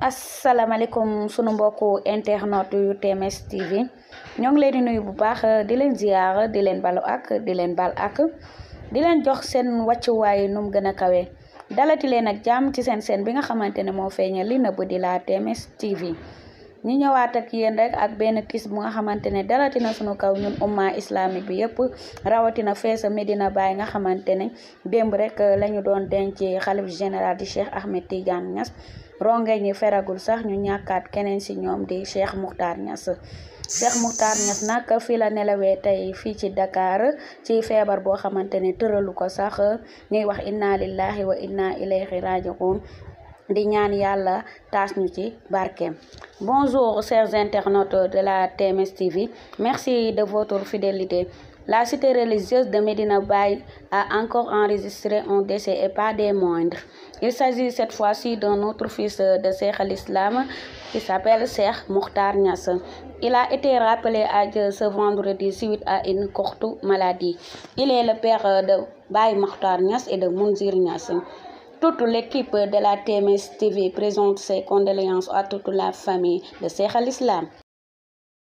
asalaamaaleykum sunu mbokku internet yu TMS TV ñoo ngi leen di nuyu bu baax di leen ziyaara di leen balu ak di leen bal ak di leen jox seen wàccuwaay nu mu gën a kawe dalati leen nag jàmm ci seen seen bi nga xamante ne moo feeñal li nëbb di la TMS TV. ñu ñëwaat ak yéen rek ak benn kiis bu nga xamante ne dalatina sunu kaw ñun umma islamique bi yëpp rawatina feesa Medina Baye nga xamante ne démb rek euh, la ñu doon denc xalif général di Cheikh Ahmed Tidiane Niass ronge ñi feragul sax ñu ñàkkaat keneen si ñoom di Cheikh Moukhtar Niass Cheikh Moukhtar Niass nag fii la nelawee tey fii ci dakaar ci feebar boo xamante ne tëralu ko sax ñuy wax inna lillahi wa inna ilayhi rajiun di ñaan yàlla taas ñu ci barkeem bonjour chers internautes de la TMS TV merci de votre fidélité la cité religieuse de Medina Baye a encore enregistré un décès et pas des moindres il s'agit cette fois-ci d'un autre fils de Cheikh al-Islam qui s'appelle Cheikh Mokhtar Niass il a été rappelé à Dieu ce vendredi suite à une courte maladie il est le père de Baye Mokhtar Niass et de Mounzir Niass Toute l'équipe de la TMS TV présente ses condoléances à toute la famille de Cheikh Al Islam.